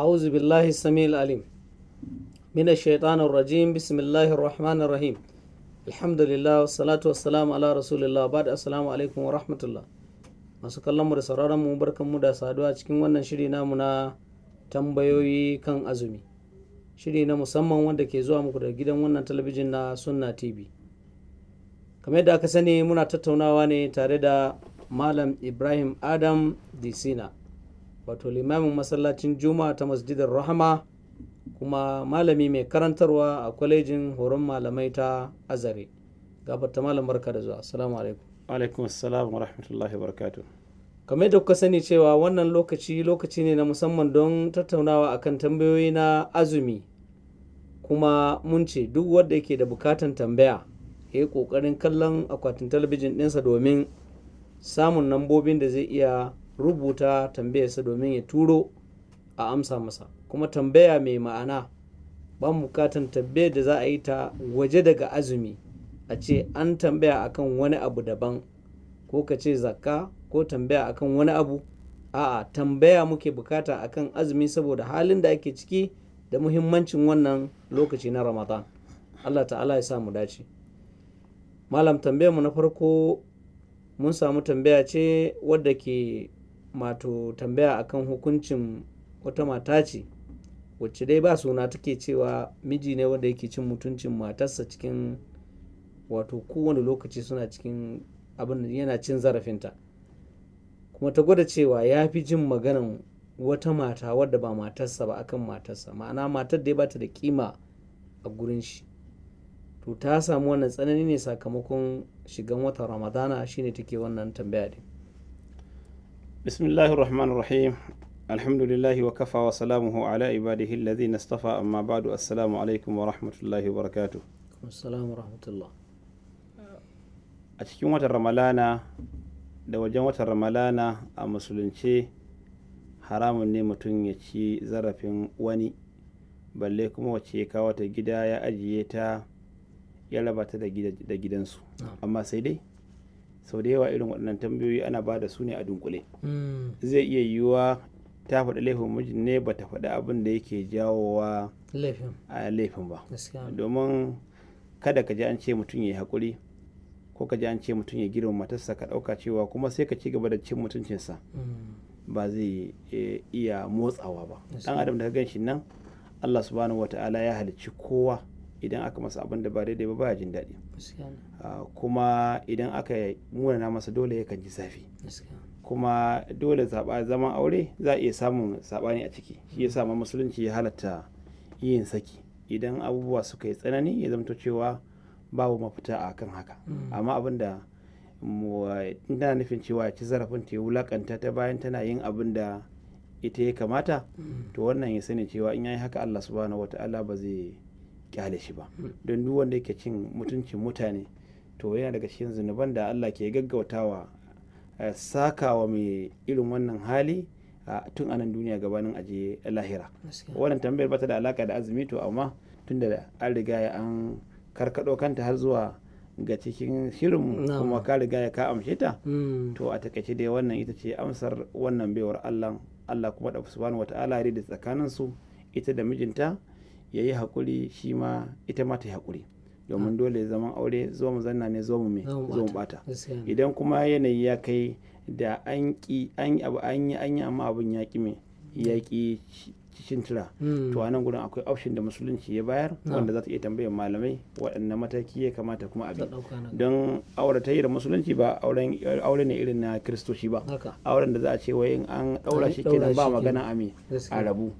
أعوذ بالله السميع العليم من الشيطان الرجيم بسم الله الرحمن الرحيم الحمد لله والصلاة والسلام على رسول الله بعد السلام عليكم ورحمة masu kallon mu da sauraron mu barkan mu da saduwa cikin wannan shiri namu na tambayoyi kan azumi shiri na musamman wanda ke zuwa muku da gidan wannan talabijin na sunna tv kamar yadda aka sani muna tattaunawa ne tare da malam ibrahim adam disina wato limamin masallacin juma'a ta masjidar rahama kuma malami mai karantarwa a kwalejin horon malamai ta azare gabata malam barka da zuwa assalamu alaikum alaikum wa rahmatullahi kamar da kuka sani cewa wannan lokaci lokaci ne na musamman don tattaunawa akan tambayoyi na azumi kuma mun ce duk wanda yake da bukatan tambaya ya yi kokarin kallon akwatin talabijin ɗinsa domin samun nambobin da zai iya rubuta tambayarsa domin ya turo a amsa masa kuma tambaya mai ma'ana ba bukatan tambaya da za a yi ta waje daga azumi a ce an tambaya akan wani abu daban ko ka ce zakka ko tambaya akan wani abu a'a tambaya muke bukata akan azumi saboda halin da ake ciki da muhimmancin wannan lokaci na ramadan allah ta'ala ya samu dace malam mu na farko mun samu tambaya ce wadda ke mato tambaya akan hukuncin wata mata ce wacce dai ba suna take cewa miji ne wanda yake cin mutuncin matarsa cikin wato kowane lokaci suna cikin abin yana cin zarafinta kuma ta gwada cewa ya fi jin maganan wata mata wadda ba matarsa ba akan matarsa ma'ana matar dai bata da kima a gurin shi to ta samu wannan tsanani ne sakamakon shigan wata ramadana shine take wannan tambaya din bismillahir rahmanir rahim alhamdulillahi wa kafa wa salamuhu ala ibadihi alladhina istafa amma ba'du assalamu alaikum wa rahmatullahi wa barakatuh a cikin watan ramalana da wajen wata ramalana a musulunce haramun ne mutum ya ci zarafin wani balle kuma wace ya kawo gida ya ajiye ta ya raba da gidansu amma sai dai sau da yawa irin waɗannan tambayoyi ana ba da su ne a dunkule hmm. zai iya yiwuwa ta faɗi laifin mijin ne ba ta faɗi abin da yake jawowa a laifin ba domin kada ka ji an ce mutum ya yi haƙuri ko ka ji an ce mutum ya girma matarsa ka ɗauka cewa kuma sai ka ci gaba da cin mutuncinsa hmm. ba zai e, iya motsawa ba ɗan adam da ka gan shi nan allah subhanahu wa ta'ala ya halicci kowa idan aka masa abin da ba daidai ba baya jin daɗi ah, kuma idan aka munana masa dole yakan ji zafi kuma dole zaɓa zaman aure za a iya samun saɓani a ciki shi ya sa musulunci ya halatta yin saki idan abubuwa suka yi tsanani ya zamto cewa babu mafita a kan haka mm. amma abin da tana nufin cewa ci zarafin ta wulakanta ta bayan tana yin abin da ita ya kamata mm. to wannan ya sani cewa in ya yi haka Allah subhanahu ta'ala ba zai kyale shi ba hmm. don duk wanda yake cin mutuncin mutane to yana daga cikin zunuban da Allah ke gaggautawa eh, sakawa mai irin wannan hali a tun anan duniya gabanin aje lahira wannan tambayar bata da alaka da azumi to amma tun da an riga an karkado kanta har zuwa ga cikin shirin kuma ka riga ya ka amshe ta hmm. to a takaice dai wannan ita ce amsar wannan baiwar Allah Allah kuma da subhanahu wata'ala da tsakanin su ita da mijinta ya yi haƙuri shi ma ita ma ta yi haƙuri domin dole zaman aure zo mu zanna ne zo mu me zo mu bata idan kuma yanayi ya kai da an ki an abu an yi amma abin ya ki me ya ki cikin tira hmm. to a nan gudun akwai option da musulunci ya bayar ah. wanda za ta iya tambayar malamai waɗanne mataki ya kamata kuma abin don aure ta da musulunci ba aure ne irin na kiristoci ba auren da za a ce wai in an ɗaura shi ke ba magana ami a rabu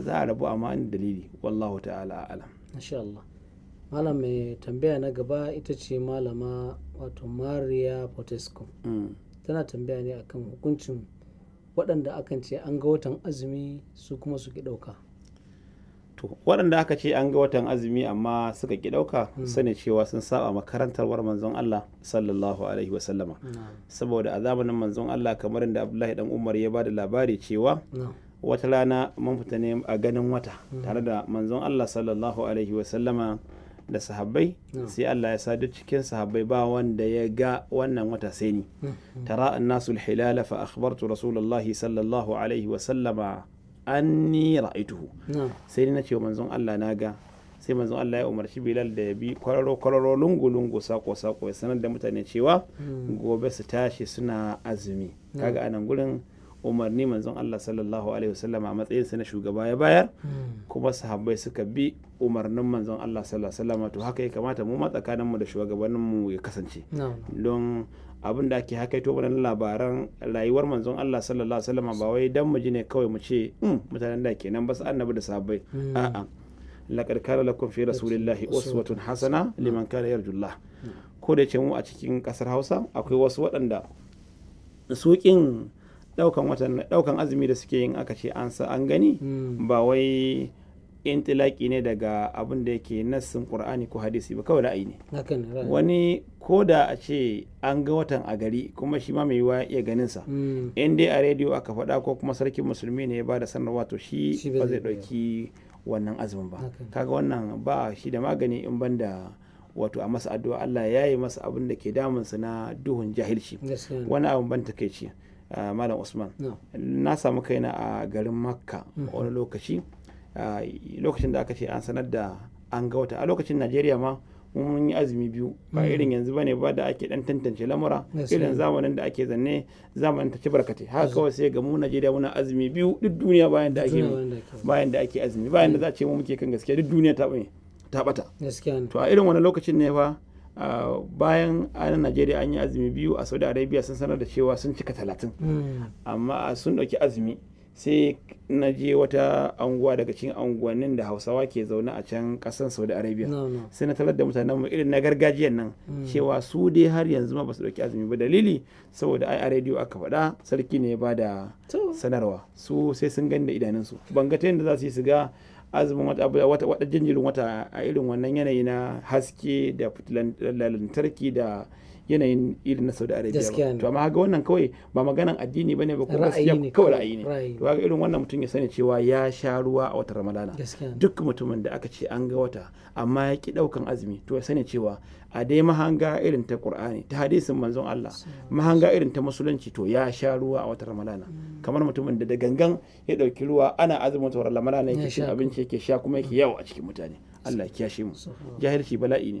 za a rabu amma an dalili wallahu ta'ala alam malam mai tambaya na gaba ita ce malama wato Maria Potesco hmm. tana tambaya ne akan hukuncin waɗanda akan ce an ga watan azumi su kuma su ɗauka to waɗanda aka ce an ga watan azumi amma suka ki ɗauka hmm. sani cewa sun saba makarantarwar manzon Allah sallallahu alaihi wasallama saboda a zamanin manzon Allah kamar inda Abdullahi dan Umar ya bada labari cewa wata rana mun fita ne a ganin wata hmm. tare da manzon Allah sallallahu alaihi wasallama da sahabbai sai Allah ya sadu cikin sahabbai ba wanda ya ga wannan wata sai ni hmm, hmm. tara annasu hilala fa akhbartu rasulullahi sallallahu alaihi wa sallama anni ra'aituhu sai na ce manzon Allah na ga sai manzon Allah ya umarci Bilal da ya bi kwararo kwararo lungu lungu sako sako ya sanar da mutane cewa hmm. gobe su tashi suna azumi kaga anan gurin umarni manzon Allah sallallahu alaihi wasallama a matsayinsa na shugaba ya bayar kuma sahabbai suka bi umarnin manzon Allah sallallahu alaihi wasallama to haka ya kamata mu matsakanin mu da shugabannin mu ya kasance don abin da ake hakaito wannan labaran rayuwar manzon Allah sallallahu alaihi wasallama ba wai dan mu ji ne kawai mu ce hmm, mutanen da ke nan ba su annabi da sahabbai hmm. a'a laqad kana lakum fi rasulillahi uswatun hasana liman kana yarjullah hmm. ko da ce mu a cikin kasar Hausa akwai wasu waɗanda suƙin daukan watan daukan azumi da suke yin aka ce an sa an gani hmm. ba wai intilaki ne daga abin da yake nassin qur'ani ko hadisi ba kawai ra'ayi ne wani ko da a ce an ga watan a gari kuma shi ma mai yiwa ya ganin sa hmm. in dai a rediyo aka faɗa ko kuma sarkin musulmi ne ya ba sanarwa to shi ba zai ɗauki wannan azumin ba kaga wannan ba shi da magani in banda wato a masa addu'a Allah ya yi masa abin da ke damunsa na duhun jahilci wani abin ban takeici malam usman na samu kaina a garin makka mm-hmm. wani lokaci lokacin da aka ce an sanar da an ga wata a lokacin najeriya ma mun yi azumi biyu ba mm-hmm. irin yanzu bane ba da ake dan tantance lamura irin zamanin da ake zanne zamanin ta ci barkate. haka kawai sai ga mu Najeriya muna azumi biyu duk duniya bayan da ake bayan da ake azumi bayan da za a ce mu muke kan gaskiya duk duniya ta ta bata to a irin wani lokacin ne fa bayan a najeriya an yi azumi biyu a saudi arabia sun sanar da cewa sun cika talatin hmm. amma sun ɗauki azumi sai na je wata anguwa daga cikin anguwannin da hausawa ke zaune a can kasan saudi arabia sai na talar da mutanen mu irin na gargajiyan nan hmm. cewa su dai har yanzu ma ba su dauki azumi ba dalili saboda ai a rediyo aka faɗa sarki ne ya bada sanarwa su sai sun gani da idanunsu ban ga ta yadda za su yi su ga azumin wata wata wata jinjirin wata a irin wannan yanayi na haske da lantarki da yanayin irin na Saudi Arabia ba to amma ga wannan kawai ba maganan addini bane ba ko gaskiya kawai ra'ayi ne to ga irin wannan mutum ya sani cewa ya sha ruwa a watan Ramadana duk mutumin da aka ce an ga wata amma ya ki daukan azumi to ya sani cewa a dai mahanga irin ta Qur'ani ta hadisin manzon Allah mahanga irin ta musulunci to ya sha ruwa a watan Ramadana mm. kamar mutumin da da gangan ya dauki ruwa ana azumin watan Ramadana yake shin abinci yake sha kuma yake yawo a cikin mutane Allah shi mu jahilci bala'i ne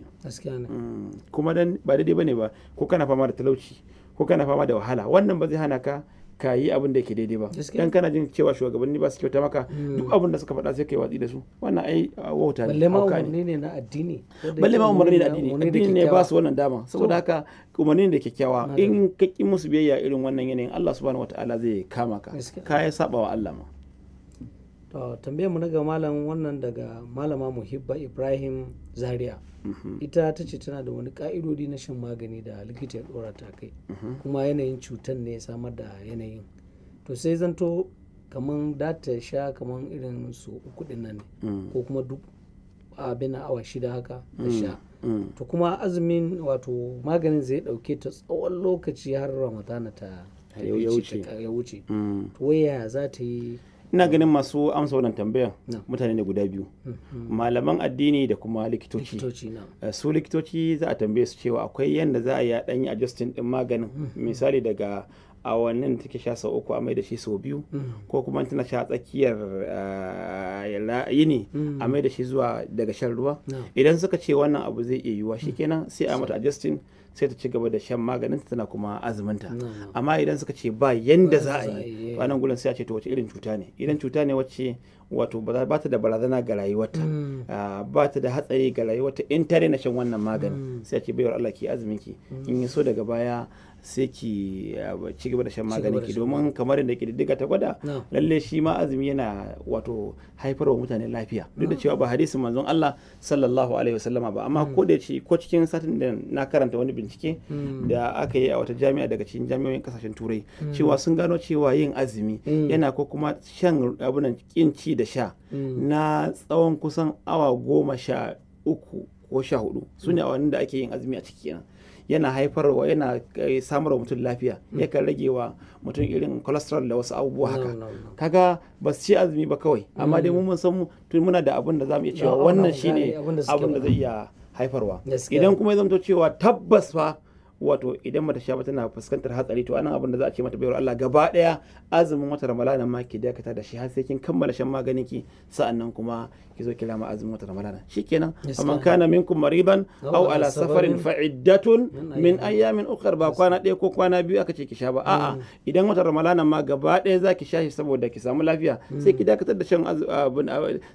mm. kuma dan ba daidai bane ba ko kana fama da talauci ko kana fama da wahala wannan ba zai hana ka ka yi abin da yake daidai ba dan kana jin cewa shugabanni ba su kyauta maka mm. duk abin da suka faɗa sai kai watsi da su wannan ai wauta ne balle ma umarni ne na addini balle ma umarni na addini addini ne ba su wannan dama saboda haka umarni da kyakkyawa in ka ki musu biyayya irin wannan yanayin Allah subhanahu wataala zai kama ka ka yi saba wa Allah ma to tambayar mu na ga malam wannan daga malama muhibba ibrahim zaria mhm. ita ta ce tana da wani ka'idodi na shan magani da likita ya dora ta kai mhm. kuma yanayin cutar ne samar da yanayin to sai zanto kamar data sha kamar irin su uku din nan mm. ko kuma duk abin awa shida haka ta mm. sha mm. to kuma azumin wato maganin zai dauke ta tsawon lokaci har ramadana ta ya wuce to waya za ta yi ina ganin masu amsa wannan tambayar mutane ne guda biyu mm-hmm. malaman addini da kuma likitoci eh, su likitoci za a tambaye su cewa akwai yadda za a yi a yi adjustin din maganin mm-hmm. misali daga awannin da take sha sau uku a mai da shi sau biyu mm-hmm. ko kuma tana sha tsakiyar eh, yini a mai da shi zuwa daga shan ruwa idan suka ce wannan abu zai iya yiwuwa shikenan sai a mata justin. sai ta ci gaba da shan maganin ta tana kuma azuminta amma idan suka ce ba yanda za a yi ba nan gulan sai a ce to wace irin cuta ne idan cuta ne wacce wato ba ta da barazana ga rayuwarta mm. ah, ba ta da hatsari ga rayuwarta in ta daina shan wannan magani mm. sai ki bayar Allah ki azumin ki mm. in so daga baya sai ki ah, ci gaba da shan maganin ki domin kamar yadda ke diddiga ta gwada lalle shi ma azumi yana wato haifar wa mutane lafiya duk da cewa ba hadisin manzon Allah sallallahu alaihi wasallama ba amma ko da shi ko cikin satin da na karanta wani bincike da aka yi a wata jami'a daga cikin jami'o'in kasashen turai cewa sun gano cewa yin azumi yana ko kuma shan abunan kin ci da sha mm. na tsawon kusan awa goma sha uku ko sha hudu su ne mm. awannin da ake yin azumi a ciki yana yana haifarwa yana eh, samarwa mutum lafiya mm. yakan rage wa mutum irin cholesterol da wasu abubuwa haka kaga ba su ci azumi ba kawai amma dai mun san tun muna da abin da zamu iya cewa wannan shine abin da zai iya haifarwa idan kuma ya zamto cewa tabbas fa wato idan mata sha ba tana fuskantar hatsari to anan abin da za a ce mata bayar Allah gaba daya azumin wata ramadana ma ki dakata da shi har sai kin kammala shan maganin ki sa'annan kuma ki zo kira ma azumin wata ramadana shikenan amma kana minkum mariban aw ala safarin fa iddatun min ayyamin ukhra ba kwana daya ko kwana biyu aka ce ki sha ba a'a mm. idan wata ramadana ma gaba daya za ki sha shi saboda ki samu lafiya mm. sai ki dakatar da shan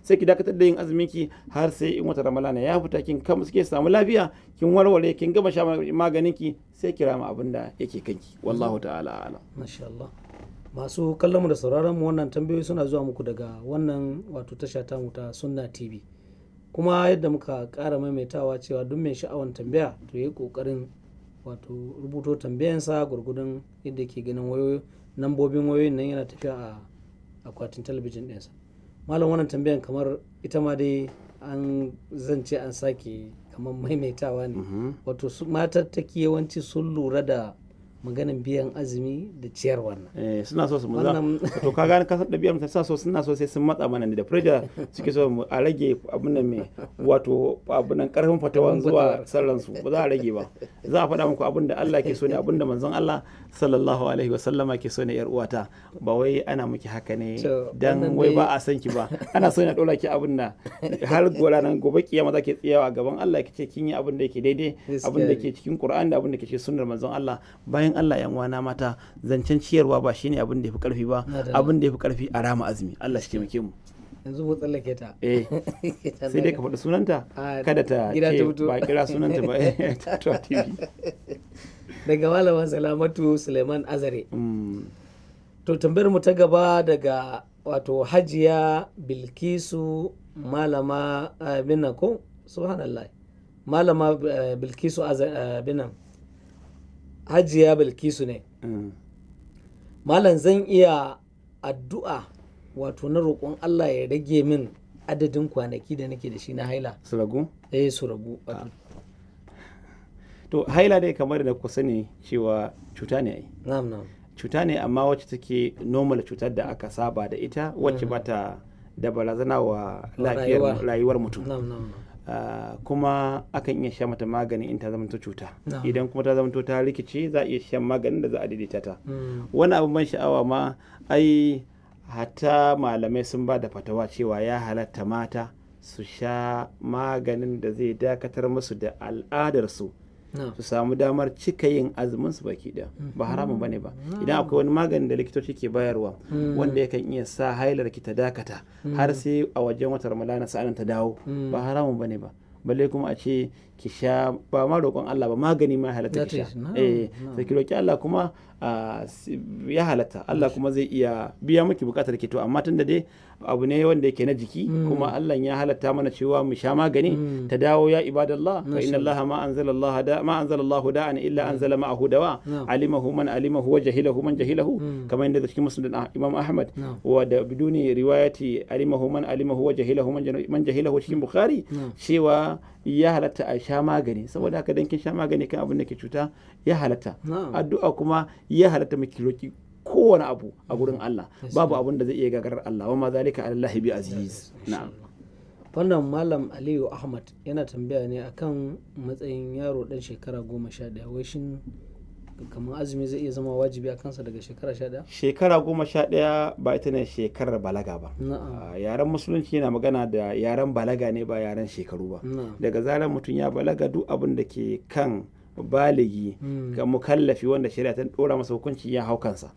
sai ki dakatar da yin azumin ki har sai in wata ramadana ya fita kin kam suke samu lafiya kin warware kin gama sha maganin ki sai kira mu abin da yake kanki wallahu ta'ala ala masha masu kallon mu da sauraron mu wannan tambayoyi suna zuwa muku daga wannan wato tasha ta mu ta Sunna TV kuma yadda muka kara maimaitawa cewa duk mai sha'awan tambaya to yi kokarin wato rubuto tambayansa gurgudun yadda ke ganin wayoyi nambobin wayoyin nan yana tafiya a akwatin talabijin ɗinsa malam wannan tambayan kamar ita ma dai an zance an sake kamar maimaitawa ne mm-hmm. wato su matar take yawanci sun lura da maganin biyan azumi da ciyar wannan eh suna so su mu to ka gani kasar biyan mutane suna so suna so sai sun matsa mana da pressure suke so a rage abin nan mai wato abin nan karfin fatawan zuwa sallan su ba za a rage ba za a faɗa muku abin da Allah ke so ne abin da manzon Allah sallallahu alaihi wa sallama ke so ne yar uwata ba wai ana miki haka ne dan wai ba a san ki ba ana so ne dora ki abin da har gora nan gobe kiyama zake tsayawa gaban Allah kike kin yi abin da yake daidai abin da ke cikin Qur'ani da abin da ke cikin sunnar manzon Allah bayan bayan Allah yan wana mata zancen ciyarwa ba shine abin da yafi karfi ba abin da yafi karfi a rama azumi Allah shi taimake mu yanzu mu tsallake ta eh sai dai ka faɗi sunanta kada ta ce ba kira sunanta ba eh, ta TV daga malama salamatu Suleiman Azare mm. to tambayar mu ta gaba daga wato hajiya Bilkisu malama eh, binna ko subhanallah malama eh, Bilkisu Azare, binan hajiya balkisu ne mm. malam zan iya addu'a wato na roƙon allah ya rage min adadin kwanaki da nake da shi na haila su ragu eh ah. to haila dai kamar da kusa ne cewa cuta ne ai cuta ne amma wacce take normal cutar da aka saba da ita wacce mm. bata da barazana wa lafiyar rayuwar mutum Ah, kuma akan iya sha mata magani in ta zamanto cuta idan kuma ta zamanto ta rikici za a iya shan maganin da za a daidaita ta mm. wani abu ban sha'awa ma ai hatta malamai sun ba da fatawa cewa ya halatta mata su sha maganin da zai dakatar musu da al'adarsu su samu damar cika yin azumin su baki da mm. ba haramun bane ba mm. idan akwai wani magani da likitoci ke bayarwa mm. wanda yakan iya sa hailar ki ta dakata har sai a wajen watar ramadana sa'an ta dawo ba haramun bane ba balle kuma a ce ki sha ba ma roƙon Allah ba magani ma halatta ki sha eh sai ki roƙi Allah kuma ah, ya halatta Allah kuma zai iya biya miki bukatar ki to amma tunda dai abu ne wanda yake na jiki hmm. kuma Allah ya halatta mana cewa mu sha magani hmm. ta dawo ya ibadallah fa inna Allah ma anzala Allah da ma anzala Allah da'an illa anzala ma'ahu dawa hmm. alimahu man alimahu wa jahilahu man jahilahu kamar yadda cikin musnad ah, Imam Ahmad wa da biduni riwayati alimahu man alimahu wa jahilahu man jahilahu cikin Bukhari cewa ya halatta a sha magani saboda haka dan kin sha magani kan abin da ke cuta ya halatta addu'a kuma ya halatta miki roki kowane abu a gurin mm. Allah babu abun da zai iya gagarar Allah wa ma zalika alallahi bi aziz na'am wannan malam aliyu ahmad yana tambaya ne akan matsayin yaro dan shekara goma sha daya wai shin kamar azumi zai iya zama wajibi a kansa daga shekara sha daya. shekara goma sha daya ba ita ne shekarar balaga ba ah, yaren musulunci yana magana da yaren balaga ne ba yaren shekaru ba daga zarar mutum ya balaga duk abin da ke kan baligi hmm. ga mukallafi wanda shari'a ta dora masa hukunci ya hau kansa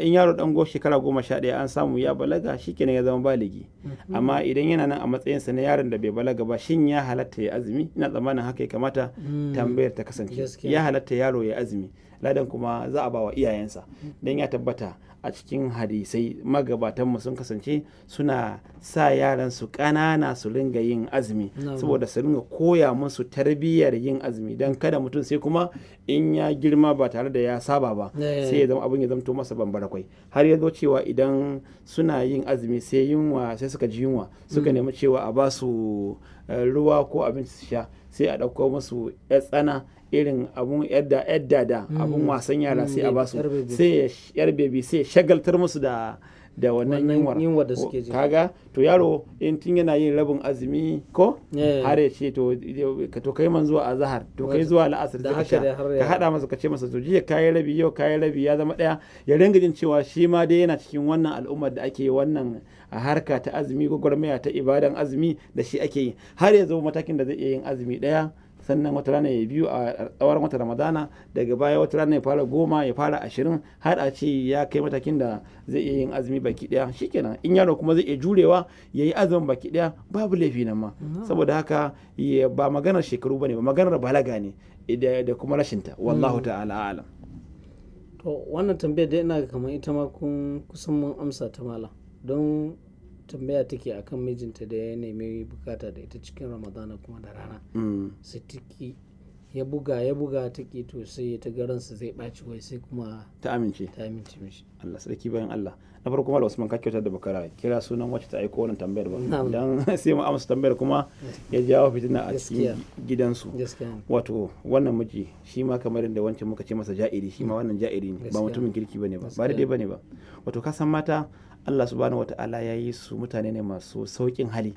in yaro dan go shekara goma sha ɗaya an samu ya balaga shikenan ya zama baligi hmm. amma idan yana nan a matsayinsa na yaron da bai balaga ba shin ya halatta ya azumi ina tsammanin haka ya kamata hmm. tambayar ta kasance ya halatta yaro ya azumi ladan kuma za a bawa wa iyayensa dan ya tabbata a cikin hadisai magabatanmu sun kasance suna sa yaran su ƙanana su ringa yin azumi saboda su ringa koya musu tarbiyyar yin azumi don kada mutum sai kuma in ya girma ba tare da ya saba ba eh. sai ya zama abin ya zamto masa bambara kwai har ya zo cewa idan suna yin azumi sai yunwa sai suka ji yunwa suka mm. nemi cewa a basu eh, ruwa ko abinci su sha sai a ɗauko musu ya tsana irin abun yadda yadda da mm. abun wasan yara sai a mm, basu sai ya sai shagaltar musu da da wannan yunwar kaga to yaro in tun yana yin rabin azumi ko eh. har ya ce to kai man zuwa zahar to kai zuwa la'asar da sha ka hada masa ka ce masa to jiya kai rabi yau kai rabi ya zama daya ya ringa jin cewa shi ma dai yana cikin wannan al'ummar da ake wannan a harka ta azumi gwagwarmaya ta ibadan azumi da shi ake yi har ya zo matakin da zai iya yin azumi daya sannan wata rana ya biyu a tsawon wata ramadana daga baya wata rana ya fara goma ya fara ashirin har a ce ya kai matakin da zai iya yin azumi baki daya shikenan in yaro kuma zai iya jurewa ya yi azumin baki daya babu laifi nan ma mm-hmm. saboda haka ba maganar shekaru bane ba maganar balaga ne da kuma rashinta wallahu mm-hmm. ta'ala alam to wannan tambayar da ina kamar ita ma kun kusan mun amsa ta mala don tambaya take akan mijinta da ya nemi bukata da ita cikin ramadana kuma da rana mm. su tiki ya buga ya buga ta ki to sai ta garin su zai baci wai sai kuma ta amince ta amince mishi Allah sarki bayan Allah na farko mal Usman ka kyautar da bakara kira sunan wacce ta aiko wannan tambayar ba dan sai mu amsa tambayar kuma ya jawo fitina a cikin gidansu wato wannan miji shi ma kamar da wancan muka ce masa ja'iri shi ma mm. wannan ja'iri ne ba mutumin kirki bane ba ba daidai bane ba wato ka san mata Allah subhanahu wata'ala ya yi su mutane ne masu sauƙin hali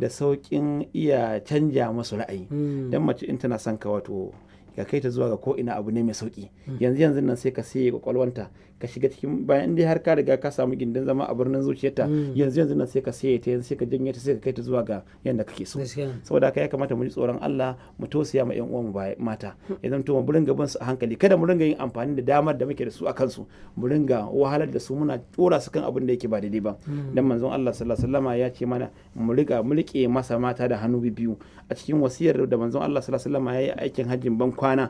da sauƙin iya canja masu ra'ayi hmm. don mace in tana son ka wato ka kai ta zuwa ga ko ina abu ne mai sauƙi hmm. yanzu yanzu nan sai ka sai kwakwalwanta ka shiga cikin bayan inda har ka riga ka samu gindin zama a birnin zuciyarta hmm. yanzu yanzu na sai ka saye ta yanzu sai ka janye ta sai ka kai ta zuwa ga yanda kake so saboda haka ya kamata mu ji tsoron Allah mu tausaya ma yan uwan mu mata idan to mu ringa bin su a hankali kada mu ringa yin amfani da damar da muke da su a kansu mu ringa wahalar da su muna tsora su kan abin da yake ba daidai ba hmm. dan manzon Allah sallallahu alaihi wasallama ya ce mana mu riga mu masa mata da hannu biyu a cikin wasiyar da manzon Allah sallallahu alaihi wasallama ya yi aikin hajjin ban kwana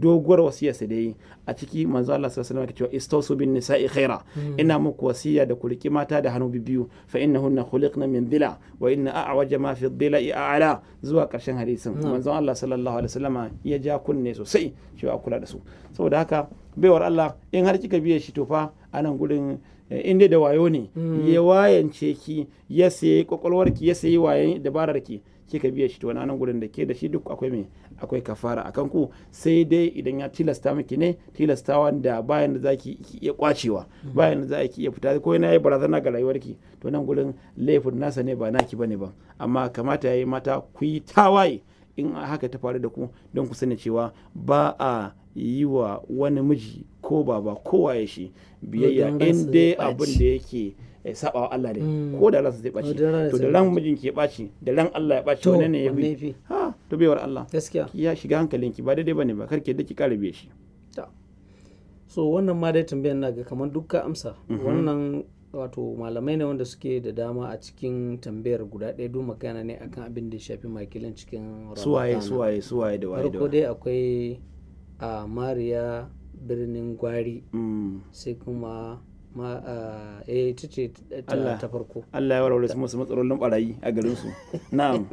doguwar wasiyarsa da yi a ciki manzon Allah sallallahu alaihi wasallama ya ce wasu bin nisa'i khaira ina muku wasiya da ku riki mata da hannu biyu fa hunna khuliqna min dhila wa inna a'waja ma fi dhila a'la zuwa karshen hadisin hmm. manzon Allah sallallahu alaihi wasallama ya ja kunne sosai cewa kula da su saboda haka baiwar Allah in har kika biye shi to fa anan gurin eh, in dai da wayo ne hmm. ya wayance ki ya sayi kwakwalwarki ya sayi wayan dabararki kika biye shi to nan gurin da ke da shi duk akwai mai akwai kafara a kanku sai dai idan ya tilasta miki ne tilasta wanda bayan da zaki iya kwacewa bayan da zaki iya fita ko yana yi barazana ga rayuwarki to nan gurin laifin nasa ne ba naki bane ba amma kamata yayi mata ku yi tawaye in haka ta faru da ku don ku sani cewa ba a yi wa wani miji ko baba kowa ya shi biyayya in dai abin da yake saba wa Allah ne mm. ko da ransa zai baci to da ran mijin ke baci da ran Allah ya baci wannan ne yafi ha to bewar Allah gaskiya ya shiga ki ba daidai bane ba karke ki kare biye shi so wannan ma dai tambayar na ga kamar dukkan amsa mhm. wannan wato malamai ne wanda suke da dama a cikin tambayar guda ɗaya duk magana ne akan abin da shafi makilin cikin suwaye suwaye suwaye da waye farko dai akwai a ah, mariya birnin gwari mm. sai kuma ma eh, eh ita ce ta farko Allah ya wale su musu matsalolin barayi a garin su na'am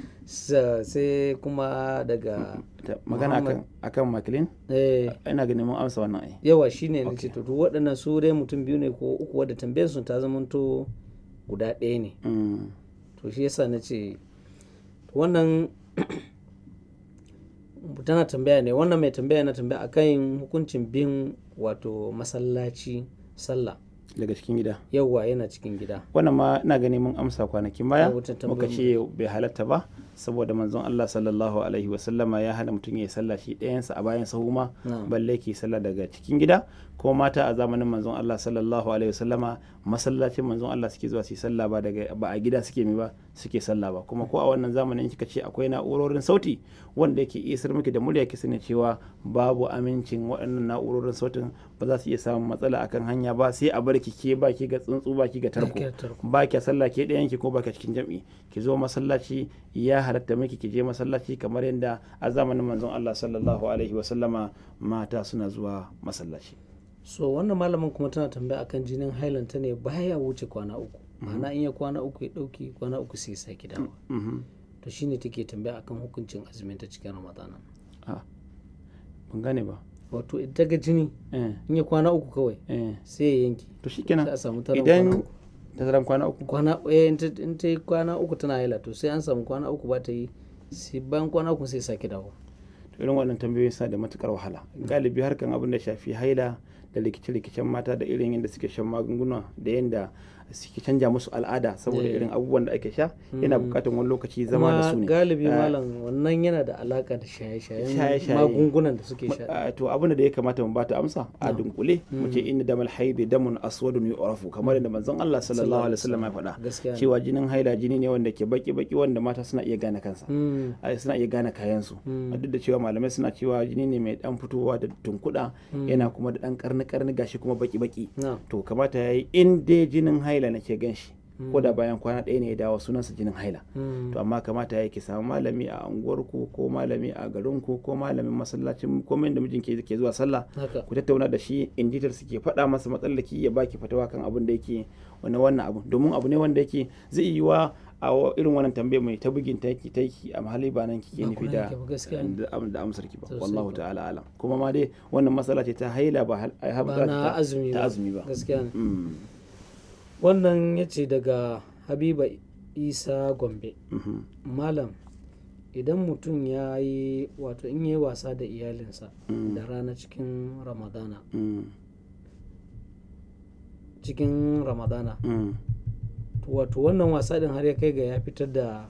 sai kuma daga magana akan kan makilin eh. ina ganin mun amsa wannan ai yawa shine ne ce to waɗannan su dai mutum biyu ne ko uku wadda tambayar su ta to guda ɗaya ne mm. to shi yasa na ce wannan tana tambaya ne wannan mai tambaya na tambaya akan hukuncin bin wato masallaci sallah daga cikin gida yawwa yana cikin gida wannan ma ina gani mun amsa kwanakin baya muka ce bai halatta ba saboda manzon Allah sallallahu alaihi wasallama ya hana mutum ya sallah shi ɗayansa a bayan sahu ma balle ke sallah daga cikin gida ko mata a zamanin manzon Allah sallallahu alaihi wasallama masallacin manzon Allah suke zuwa su sallah ba daga ba a gida suke mi ba suke sallah ba kuma ko a wannan zamanin kika ce akwai na'urorin sauti wanda yake isar miki da murya ki sani cewa babu amincin waɗannan na'urorin sautin ba za su iya samun matsala akan hanya ba sai a bar ki ke baki ga tsuntsu baki ga tarko ba ki sallah ke ɗayan ki ko ba cikin jam'i ki zo masallaci ya halatta miki ki je masallaci kamar yadda a zamanin manzon Allah sallallahu alaihi wa sallama mata suna zuwa masallaci so wannan malamin kuma tana tambaya akan jinin hailan ta ne baya wuce kwana uku ma'ana in ya kwana uku ya dauki kwana uku sai ki dawo. Mm-hmm. to shine take tambaya akan hukuncin azumin ta cikin ramadana a ah, ban gane ba wato idan ga jini eh. in ya kwana uku kawai eh. sai ya yanke to shikenan idan tazaran kwana uku kwana eh in ta yi kwana uku tana haila to sai an samu kwana uku ba ta yi sai bayan kwana uku sai sake dawo to irin wannan tambayoyi suna da matukar wahala galibi harkan abin da shafi haila da rikice-rikicen mata da irin yadda suke shan magunguna da yadda suke canja musu al'ada saboda irin abubuwan da ake sha yana hmm. bukatar wani lokaci zama da su ne galibi eh. malam wannan yana da alaka da shaye shaye. magungunan da suke sha eh, to abin da ya kamata mu bata amsa a dunkule mu ce hmm. inna damal haibi damun ni urafu kamar da manzon Allah sallallahu alaihi wasallam ya faɗa cewa jinin haila jini ne wanda ke baki baki wanda mata suna iya gane kansa hmm. suna iya gane kayan su duk da cewa malamai suna cewa jini ne mai dan fitowa da tunkuda yana kuma da dan karni karni gashi kuma baki baki to kamata yayi in dai jinin haila haila nake gan shi hmm. ko da bayan kwana ɗaya ne ya dawo sunansa jinin haila hmm. to amma kamata ya ki samu malami a unguwarku ko malami a garinku ko malamin masallacin ko da mijin ke zuwa sallah ku tattauna da shi in suke su ke faɗa masa ki ya baki fatawa kan abin da yake wani wannan abu domin abu ne wanda yake zai yi wa a irin wannan tambaye mai ta bugin taiki taiki a mahalli ba nan kike nufi da da amsar ki ba wallahu ta'ala alam kuma ma dai wannan matsala ta haila ba ta azumi ba gaskiya wannan ya ce daga habiba isa gombe mhm. malam idan mutum ya yi wato in yi wasa da iyalinsa mm. da rana cikin ramadana mm. cikin ramadana mm. wato wannan wasa din har ya kai ga ya fitar da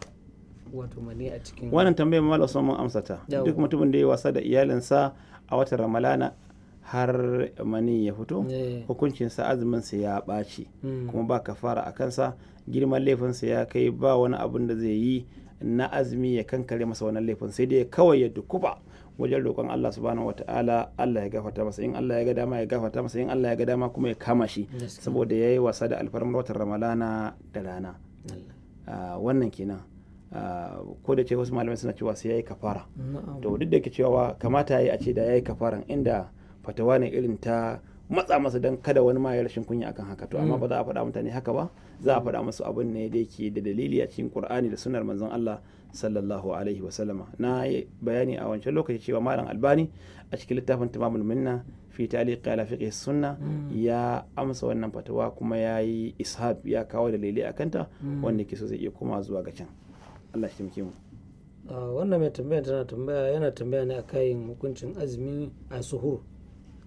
wato mani a cikin wannan tambayar malam sun mun amsata duk mutumin da ya wasa da iyalinsa a watan ramalana har mani ya fito eh. hukuncinsa azuminsa ya ɓaci hmm. kuma ba ka fara a kansa girman laifinsa ya kai ba wani abin da zai yi na azumi ya kankare masa wannan laifin sai dai kawai ya dukuba wajen roƙon Allah subhanahu wata'ala Allah ya gafarta masa in Allah ya ga dama ya gafarta masa in Allah ya ga dama kuma ya kama shi saboda yayi wasa da alfarmar watan ramadana da rana ah, wannan kenan ah, ko da ce wasu malamai suna cewa sai yayi kafara to duk da ke cewa kamata yayi a ce da yayi kafaran inda fatawa ne irin ta matsa masa don kada wani ma ya rashin kunya akan haka to amma mm. ba za a faɗa mutane haka ba za a faɗa masu abin ne da yake da dalili a cikin Qur'ani da sunar manzon Allah sallallahu alaihi wasallama na bayani a wancan lokaci cewa malam albani a cikin littafin tamamul minna fi taliqi ala fiqh sunna mm. ya amsa wannan fatawa kuma yayi ishab ya kawo dalilai akan ta mm. wanda ke so zai iya koma zuwa ga can Allah shi muke mu ah, wannan mai tambaya tana tambaya yana tambaya ne akan hukuncin azumi a suhur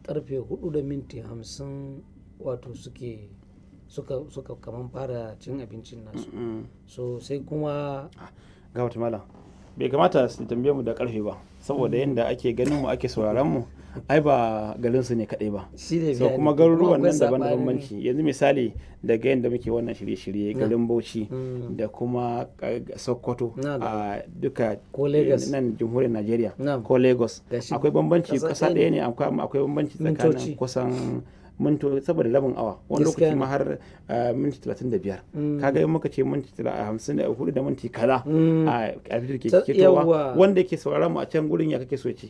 karfe 4 da minti 50 wato suke suka suka kaman fara cin abincin nasu so sai kuma ah, ga wata mala bai kamata su tambaye mu da karfe ba saboda yadda ake ganin mu ake sauraron mu ai ba garin su ne kadai ba so kuma garuruwan nan daban da bambanci yanzu misali daga yadda muke wannan shirye-shirye garin Bauchi mm. da kuma Sokoto a duka eh, nan jamhuriyar Najeriya ko Lagos akwai bambanci kasa daya ne akwai bambanci tsakanin kusan minto saboda rabin awa wani lokaci ma har ah, minti talatin da biyar mm. kaga yin muka ce minti ah, hamsin da hudu da minti kaza mm. ah, a alfitar ke ketowa wanda ke sauraron mu a can gurin ya kake so ce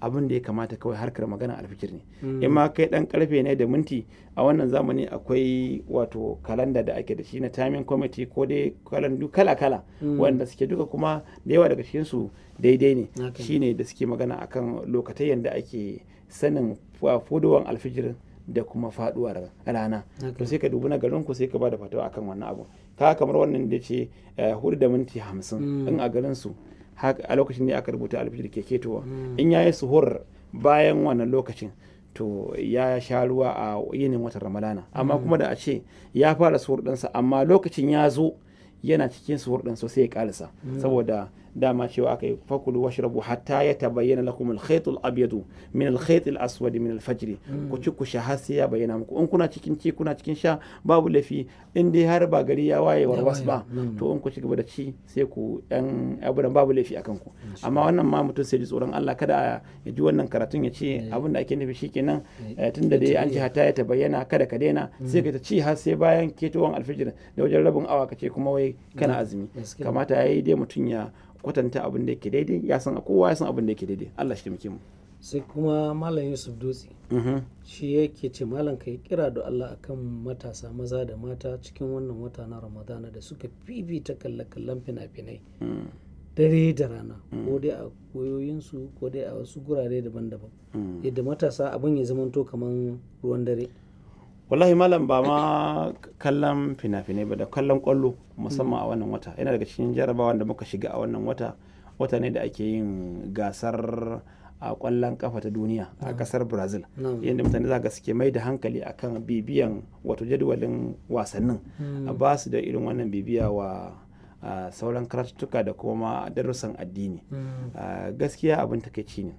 abin da ya kamata kawai harkar magana alfikir ne mm. in ma kai dan karfe ne da minti a wannan zamani akwai wato kalanda da ake da shi na tamin' committee ko dai kalandu kala-kala wanda suke duka kuma da yawa daga cikin su daidai ne shine da suke magana akan lokacin yanda ake sanin fodowar alfijir da kuma faduwar rana to sai ka dubi na garin ku sai ka bada fatawa akan wannan abu ka kamar wannan da ce eh, hudu da minti hamsin mm. in a garin su a lokacin ne aka rubuta alfijir keke towa mm. in ya yi suhur bayan wannan lokacin to ya sha ruwa a yinin watan ramadana amma mm. kuma da a ce ya fara suhur ɗinsa amma lokacin ya zo yana cikin suhur ɗin sosai ya karisa saboda dama cewa aka yi fakulu shirabu hatta ya tabayyana lakum al-khayt min al-khayt min alfajiri mm. ku ci ku sha har sai ya bayyana muku in kuna cikin ci kuna cikin sha babu lafi in dai har ba gari ya waye wasu ba mm. to in ku ci gaba da ci sai ku yan abudan babu lafi akan ku amma wannan ma mutum sai ji tsoron Allah kada ya ji wannan karatun ya ce eh. abin da ake nufi shikenan eh. eh, tunda dai an ji hatta ya tabayyana kada ka daina mm. sai ka ta ci har sai bayan ketowan alfajiri da wajen rabin awa ka ce kuma wai kana azumi kamata yayi dai mutum ya kwatanta abin da yake daidai ya san kowa ya san abin da yake daidai Allah shi taimake mu sai kuma malam Yusuf Dutse mhm. shi yake ce malam kai kira da Allah akan matasa maza da mata cikin wannan wata na Ramadana da suka fifita kallakallan fina-finai mm. dare da rana mm. ko dai a koyoyinsu ko dai a wasu gurare daban-daban mm. yadda matasa abin ya zamanto kamar ruwan dare wallahi malam ba ma kallon fina-finai ba da kallon kwallo musamman a wannan wata yana daga cikin jarabawa da muka shiga a wannan wata wata ne da ake yin gasar a kwallon kafa ta duniya a kasar brazil yadda mutane za suke mai da hankali akan bibiyan wato jadawalin wasannin a hmm. ba su da irin wannan bibiya wa sauran karatuttuka da kuma darussan addini hmm. gaskiya abin takaici ne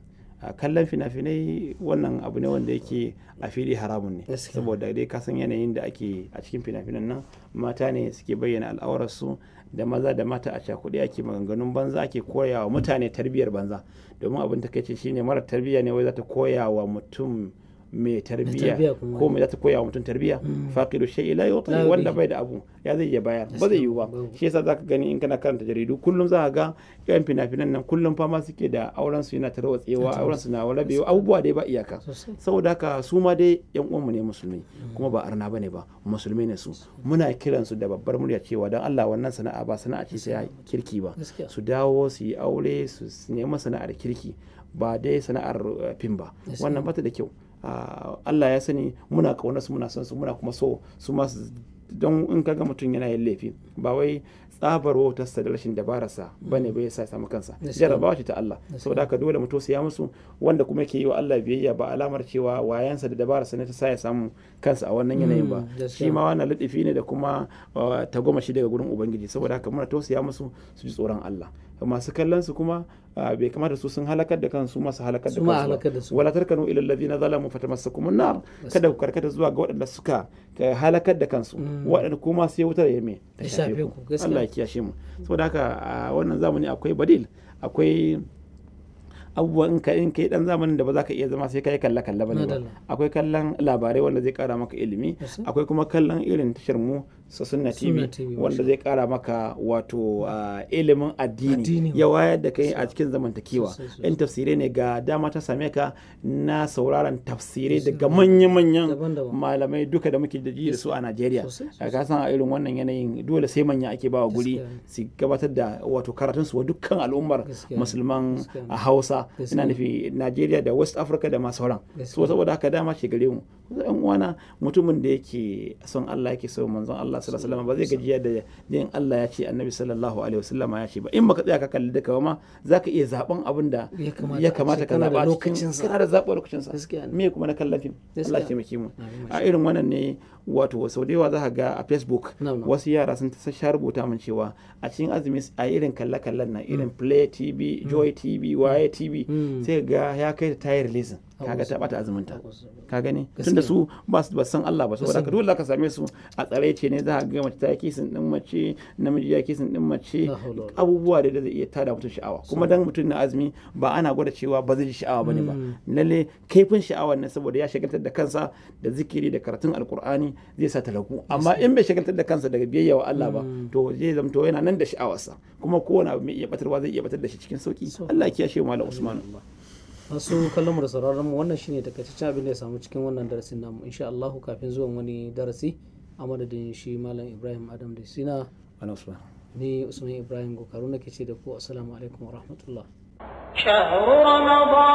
kallon fina-finai wannan abu ne wanda yake a fili haramun ne saboda dai ka san yanayin da ake a cikin fina-finan nan mata ne suke bayyana al'aurarsu da maza da mata a cakuɗe ake maganganun banza ake koya wa mutane tarbiyyar banza domin abin takaici shine mara tarbiyya ne wai za ta koya wa mutum mai tarbiyya ko mai za ta koya mutum tarbiya mm. faqidu shay'i la yuti wanda bai da abu ya zai ya bayar ba zai yiwu ba shi yasa zaka gani in kana karanta jaridu kullum zaka ga yan fina-finan nan kullum fama suke da auren su yana tarwatsewa auren su na walabewa abubuwa dai ba iyaka saboda haka su ma dai yan uwanmu ne musulmi mm. kuma ba arna bane ba musulmi ne su muna kiran su da babbar murya cewa dan Allah wannan sana'a ba sana'a ce sai kirki ba su dawo su yi aure su nemi sana'ar kirki ba dai sana'ar eh, fim ba wannan bata da kyau Ah, Allah ya sani muna kauna su muna son su muna kuma so su masu don in kaga mutum yana yin laifi ba wai tsabar wautarsa da rashin dabararsa ba ne bai sa ya samu kansa jarabawa ce ta Allah saboda haka dole mu ya musu wanda kuma ke yi wa Allah biyayya ba alamar cewa wayansa da dabararsa ne ta sa ya samu kansa a wannan yanayin ba mm, shi ma wannan laɗifi ne da kuma ta ah, tagomashi daga gurin ubangiji saboda haka muna tosiya musu su ji tsoron Allah masu kallon su kuma Ah, bai kamata su sun halakar da kansu masu halakar da kansu wala tarkanu ila alladhina zalamu fatamassakum an-nar kada ku karkata zuwa ga waɗanda suka eh, halakar da kansu mm. waɗanda kuma sai wutar ya me ta shafe ku Allah ya kiyashe mu saboda haka a wannan zamani akwai badil akwai abubuwan in ka in kai dan zamanin da ba za ka iya zama sai kai kalla kalla bane akwai kallon labarai wanda zai kara maka ilimi akwai kuma kallon irin tashar mu sa sunna tv wanda zai kara maka wato ah, ilimin addini ya wayar da kai a cikin zamantakewa yan tafsirai ne ga dama ta same ka na sauraron tafsirai daga manya-manyan malamai duka da muke ji da su a najeriya ka san a irin wannan yanayin dole sai manya ake bawa guri su gabatar da wato karatun su wa dukkan al'ummar musulman a hausa ina nufi najeriya da west africa da ma sauran so saboda haka dama ce gare mu yan uwana mutumin da yake son allah yake so manzon allah Allah sallallahu alaihi wasallam ba zai gajiya da jin Allah ya ce annabi sallallahu alaihi wasallam ya ce ba in baka tsaya ka kalli duka ma zaka iya zaben abin da ya kamata ka zaba cikin kana da zaba lokacin sa me kuma na kallafin Allah ya taimake mu a irin wannan ne wato sau da yawa za ka ga a facebook wasu yara sun ta rubuta min cewa a cikin azumi a irin kalle-kallen nan irin mm. play tv mm. joy tv waye mm. tv sai ga ya kai ta tayar ka kaga ta bata azumin ta ka gani tunda su ba su san Allah ba saboda dole ka same su a tsare ce ne za ka ga mace ta yi sun din mace namiji ya sun din mace abubuwa da zai iya tada mutum sha'awa kuma dan mutum na azumi ba ana gwada cewa ba zai ji sha'awa bane ba lalle kaifin sha'awar ne saboda ya shagaltar da kansa da zikiri da karatun alkur'ani zai sa talaku amma in bai shagaltar da kansa daga biyayya wa Allah ba mm. to zai zamto yana nan da sha'awarsa kuma kowane abu mai iya batarwa zai iya batar da shi cikin sauki Allah ya shi malam Usman masu kallon da sauraron mu wannan shine takaitaccen abin da ya samu cikin wannan darasin namu insha Allah kafin zuwan wani darasi a madadin shi malam Ibrahim Adam da Sina Usman ni Usman Ibrahim Gokaru nake ce da ku assalamu alaikum wa rahmatullah شهر رمضان